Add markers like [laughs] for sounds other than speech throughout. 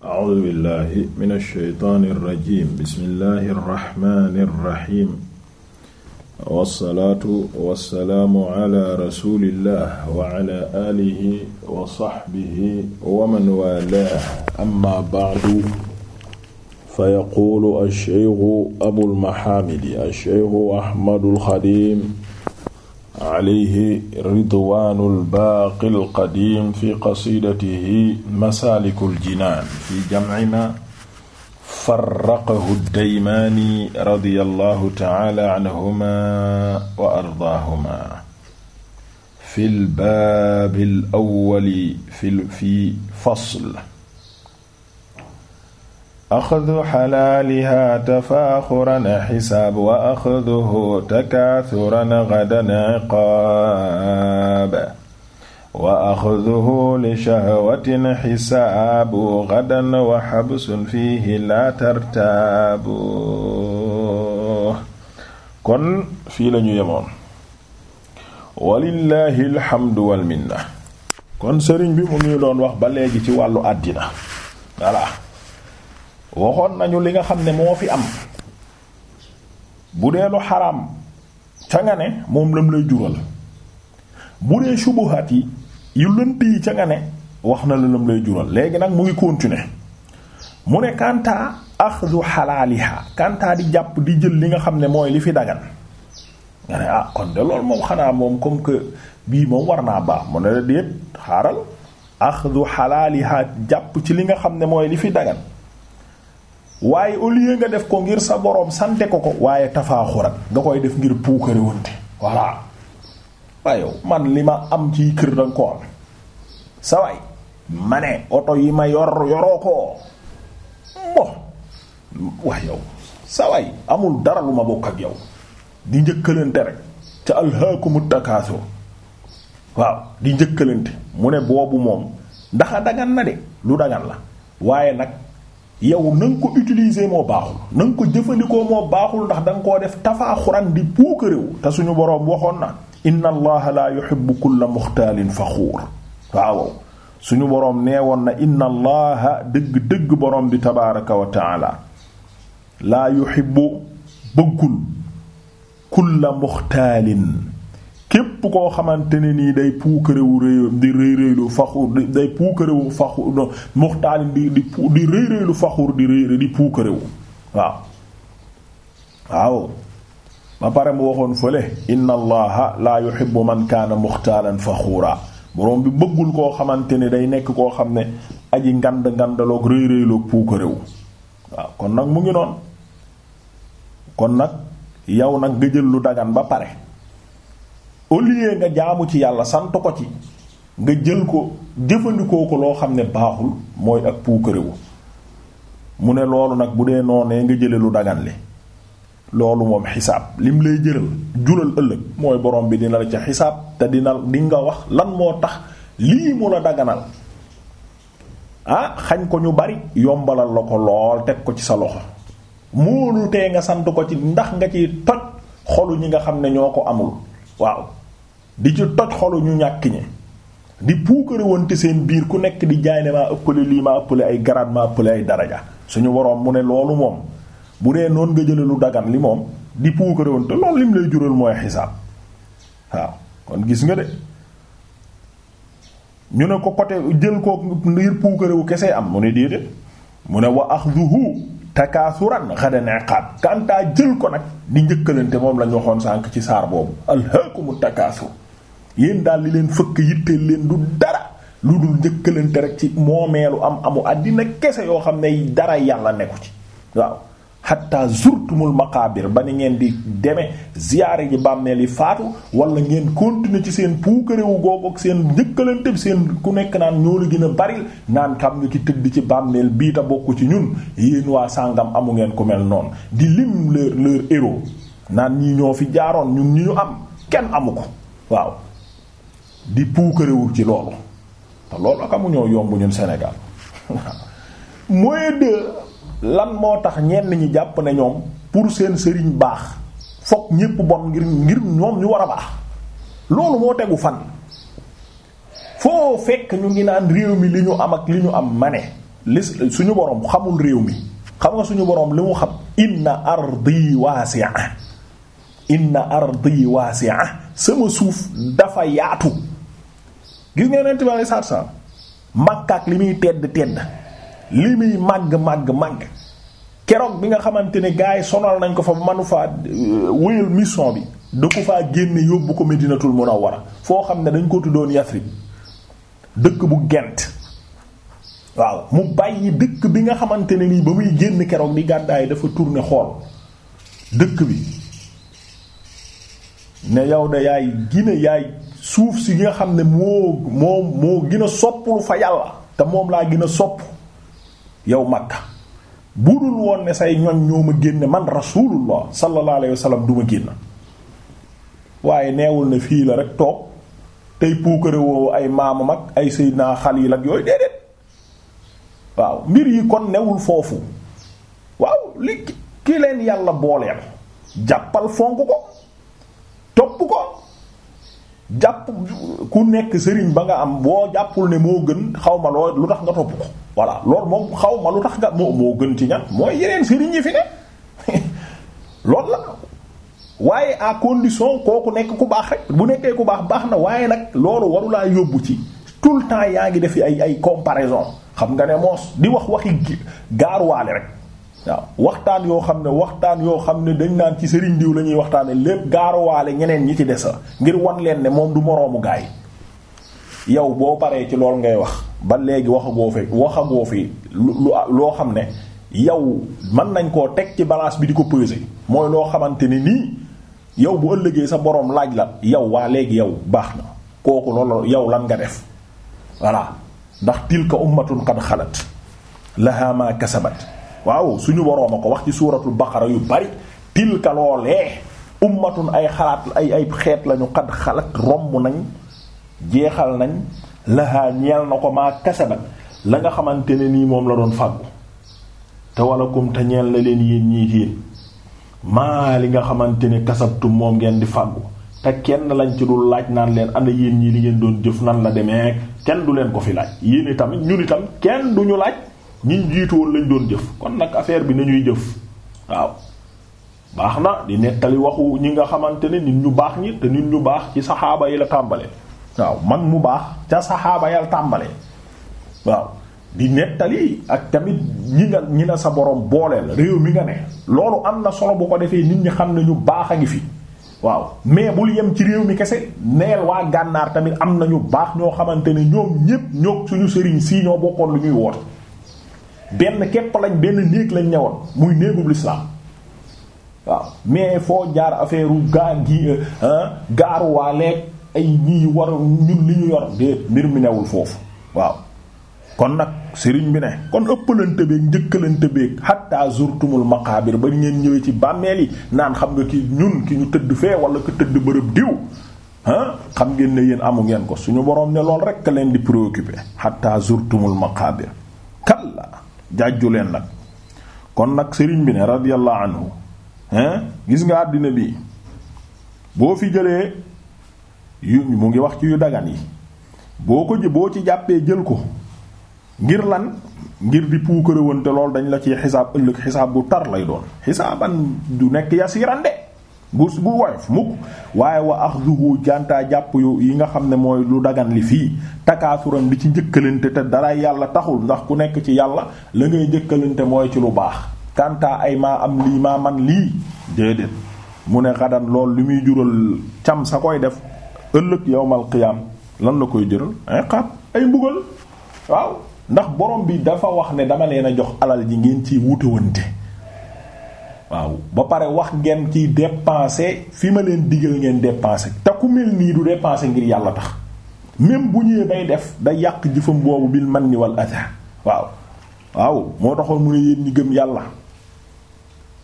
a'uuzu billahi min ash-shaytaani rajim bismillahi rrahmani rrahim wassalaatu wassalaamu ala rasulillah wa ala aalihi wa sahbihi wa man waalaahu amma ba'du fa yaquulu ash-shaykhu abul mahaamidi ash-shaykhu ahmadul xadiim alayhi ridwaanul baaqil qadiim fi qasiidatihi masaalikul jinaan fi jam'inaa farraqahu daymaani radiyallahu ta'aala anhumaa wa ardaahumaa fil baabil awwali fi fasl axdu xalaaliha tafaaxuran xisaab wa axduhu takaathuran gadan ciqaab wa axduhu li shahwatin xisaabu gadan wa xabsun fiihi laa tartaabu kon fii lañu yemoon walillaahi alxamdu walminna kon sëriñ bi mu ngi doon wax ba léegi ci wàllu àddina voilà waxoon nañu li nga xam ne moo fi am bu dee lu xaraam ca nga ne moom lam lay jural bu dee subuhaat yi yu lënt yi ca nga ne wax na la lam lay jural léegi nag mu ngi continuer mu ne kantaa axdu xalaaliha kantaa di jàpp di jël li nga xam ne mooy li fi dagan nga ne ah kon de loolu moom xanaa moom comme que bii moom war naa baax mu ne la déet xaaral axdu xalaaliha jàpp ci li nga xam ne mooy li fi dagan waaye au nga def ko ngir sa boroom sante ko ko waaye tafaaxurat nga koy def ngir puukarewante voilà waaye man li ma am ci kër danga ko am sa ma ne oto yi ma yor yoroo ko bon waaye yow sa amul dara lu ma bokk ak yow di njëkkalante rek ca alhaakumu takaasu waaw di njëkkalante mu ne boobu moom ndaxa dagan na de lu dagan la waaye nag yow na nga ko utiliser moo baaxul na nga ko jëfandikoo moo baaxul ndax da nga koo def tafaaxuran di puukaréew te suñu boroom waxoon na inna allaha la yuhibbu kulla muxtaalin faxuur waaw suñu boroom nee woon na inna allaha dëgg-dëgg boroom bi tabaraka wa taala laa yuhibbu bëggul kulla muxtaalin képp koo xamante ne nii day puukarewu réy di rëy rëylu faxur day puukarewu faxur di di puukarewu waaw waaw ba pare mu waxoon fële inna allaha la yuhibbu man kaana muxtaalan faxuura borom bi bëggul koo xamante ne day nekk koo xam ne aji ngand ngandaloog rëy rëyloog puukarewu waaw kon nag mu ngi noonu kon nag yow nag nga jël lu dagan ba pare au lieu nga jaamu ci yàlla sant ko ci nga jël ko jëfandikoo ko loo xam ne baaxul mooy ak puukarewu mu ne loolu nag bu dee noonee nga jële lu dagan li loolu moom xisaab lim lay jëral jural ëllëg mooy borom bi dina la ca xisaab te dina di nga wax lan moo tax lii mu la daganal ah xañ ko ñu bari yombalal la ko lool teg ko ci sa loxo moolu tee nga sant ko ci ndax nga ci toj xolu ñi nga xam ne ñoo ko amul waaw di ci toj xolu ñu ñàkk ñi di puukare wante seen biir ku nekk di jaay ne maa ëppale lii maa ëppale ay garaat maa ëppale ay daraja suñu waroon mu ne loolu moom bu dee noon nga jële lu dagan li moom di puukare wante loolu lim lay jural mooy xisaab waaw kon gis nga de ñu ne ko côté jël kook ngir puukare wu kese am mu ne déedéet mu ne wa axduhu takaasuran xadan iqaab kantaa jël ko nag di njëkkalante moom lañu waxoon sànk ci saar boobu alhaakumu takaasur yéen daal li leen fëkk yitteel leen du dara lu dul njëkkalante rek ci moomeelu am amu àddina kese yoo xam ne dara yàlla nekku ci waaw hatta zurtumul maqaabir ba ni ngeen di deme ziyaare ji bàmmeel yi faatu wala ngeen continuer ci seen puukarewu googu ak seen njëkkalante bi seen ku nekk naan ñoo la gën a baril naan xam nga ci tëdd ci bàmmeel bii ta bokku ci ñun yéen waa sàngam amu ngeen ku mel noonu di lim leur leur héros naan ñi ñoo fi jaaroon ñun ñu am kenn amu ko di puukarewul ci loolu te loolu ak amuñoo yomb ñun senegal [laughs] mooy de lan moo tax ñenn ñi jàpp ne ñoom pour seen sëriñ baax fokk ñépp bon ngir ngir ñoom ñu war a baax loolu moo tegu fan foo fekk ñu ngi naan réew mi li ñu am ak li ñu am mane ne li suñu boroom xamul réew mi xam nga suñu boroom li mu xam inna ardi wasi'a inna ardi wasi'a sama suuf dafa yaatu gis ngeen ne tubaab yi saabsaab Makka ak li muy tedd tedd li muy màgg màgg màgg keroog bi nga xamante ne gars yi sonal nañ ko fa manu faa euh, wéyal mission bi da ko faa génne yóbbu ko Medinatul Munawwara foo xam ne dañ ko tuddoon Yasrib dëkk bu gent waaw mu bàyyi dëkk bi nga xamante ne nii ba muy génn keroog di gàddaay dafa turne xool dëkk bi. ne yow de yaay gine yaay suuf si nga xam ne moo moo moo gën a sopp lu fa yàlla te moom laa gën a sopp yow Makka bu dul woon ne say ñoñ ñoo ma génne man rasulullah sallallahu alayhi wa sallam du ma génn waaye neewul ne fii la rek toog tey puukare woo ay maamam ak ay Seydina Xaliil ak yooyu déedéet waaw mbir yi kon newul foofu waaw li ki leen yàlla booleel jàppal fonk ko jàpp ku nekk sëriñ ba nga am boo jàppul ne moo gën xaw ma loo lu tax nga topp ko voilà loolu moom xaw ma lu tax nga moo moo gën ci ña mooy yeneen sëriñ yi fi ne [laughs] loolu la waaye à condition kooku nekk ku baax rek bu nekkee ku baax baax na waaye nag loolu warulaa yóbbu ci tout le temps yaa ngi def ay ay comparaison xam nga ne moos di wax waxi gaaruwaale rek waaw waxtaan yoo xam ne waxtaan yoo xam ne dañ naan ci sëriñ diw la ñuy waxtaane lépp gaaruwaale ñeneen ñi ci des a ngir wan leen ne moom du moroomu gaay yow boo paree ci lool ngay wax ba léegi waxagoo fi waxagoo fi lu loo xam ne yow mën nañ koo teg ci balance bi di ko peser mooy loo xamante ni nii yow bu ëllëgee sa borom laaj la yow waa léegi yow baax na kooku loolu yow lan nga def voilà ndax tilka ummatun qad xalat laha ma kasabat waaw suñu boroom a ko wax ci suuratul baqara yu bari tilka loolee ummatun ay xalaat ay ay xeet lañu xad xalak romb nañ jeexal nañ lahaa ñeel na ko maa kasabat la nga xamante ne nii moom la doon fàggu te walakum te ñeel na leen yéen ñii yéen maa li nga xamante ne kasabtum moom ngeen di fàggu te kenn lañ ci dul laaj naan leen ana yéen ñii li ngeen doon jëf nan la demee kenn du leen ko fi laaj yéen itam ñun itam kenn duñu laaj ñiñ jiitu woon doon jëf kon nag affaire bi nañuy jëf waaw baax na di nettali waxu ñi nga xamante ne nit ñu baax ñi te nit ñu baax ci saxaaba yi la tàmbale waaw man mu baax ca saxaaba yal tàmbale waaw di nettali ak tamit ñi nga ñi na sa borom booleel réew mi nga ne loolu am na solo bu ko defee nit ñi xam ne ñu baax a ngi fi waaw mais bul yem ci réew mi kese neel waa gànnaar tamit am na ñu baax ñoo xamante ne ñoom ñépp ñoog suñu sëriñ si ñoo bokkoon lu ñuy woote benn képp lañ benn néeg lañ ñëwoon muy néegub l'islam waaw mais foo jaar affaire gaa gi eh, gaaru ay ñii war ñun li ñu yor déet mbir mi newul foofu waaw kon nag sëriñ bi ne kon ëppalante beeg njëkkalante beeg jour tumul maqaabir ba ngeen ñëwee ci bàmmeel yi naan xam nga ki ñun ki ñu tëdd fee wala ko tëdd bërëb diw ah xam ngeen ne yéen amu ngeen ko suñu borom ne lool rek leen di préoccupé jour tumul maqaabir kal jàjju leen nag kon nag sëriñ bi ne radiyallahu anhu hein gis nga àddina bi boo fi jëlee yu mu ngi wax ci yu dagan yi boo ko boo ci jàppee jël ko ngir lan ngir di puukarewante lool dañ la ci xisaab ëllëg xisaab bu tar lay doon xisaaban du nekk yasiran de bu bu woyof mukk waaye wa axduhu jantaa jàpp yu yi nga xam ne mooy lu dagan li fii takaasuran bi ci njëkkalante te dara yàlla taxul ndax ku nekk ci yàlla la ngay njëkkalante mooy ci lu baax kantaa ay maa am lii maa man lii déedéet mu ne xadan lool li muy jural cam sa koy def ëllëg yowmal qiyaam lan la koy jëral ay ay mbugal waaw ndax borom bi dafa wax ne dama leen a jox alal ji ngeen ci wutewante waaw ba pare wax ngeen ci dépenser fii ma leen digal ngeen dépenser te ku mel nii du dépenser ngir yàlla tax même bu ñuy bay def da yàq jëfam boobu bil man ni wal waaw waaw moo taxoon mu ne yéen ñi gëm yàlla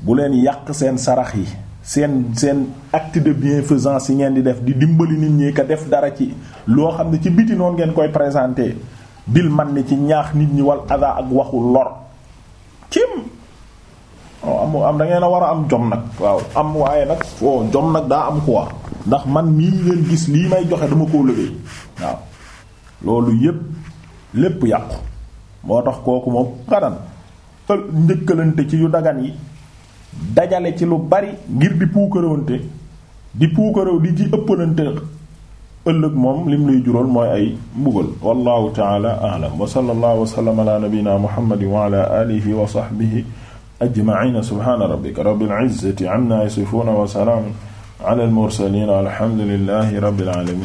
bu leen yàq seen sarax yi seen seen acte de bienfaisance yi ngeen di def di dimbali nit ñi ka def dara ci loo xam ne ci biti noonu ngeen koy présenter bil man ni ci ñaax nit ñi wal adha ak waxu lor cim Oh, am am dangeen a war a am jom nag waaw am waaye nag foo oh, jom nag daa am quoi ndax man mii ngeen gis lii may joxe dama koo liggéey waaw loolu yépp lépp yàqu moo tax kooku moom xanan njëkkalante ci yu dagan yi dajale ci lu bari ngir di puukarewante di puukarew di ci ëppalante ëllëg moom lim lay jural mooy ay mbugal wallahu taala aalam wa sallallahu wa sallama ala nabiyyina wa alihi wa sahbihi ajmaina subhana rabbika rabbil izzati amma yasifuna wa salaamun ala al mursalin walhamdulillahi rabbil alamin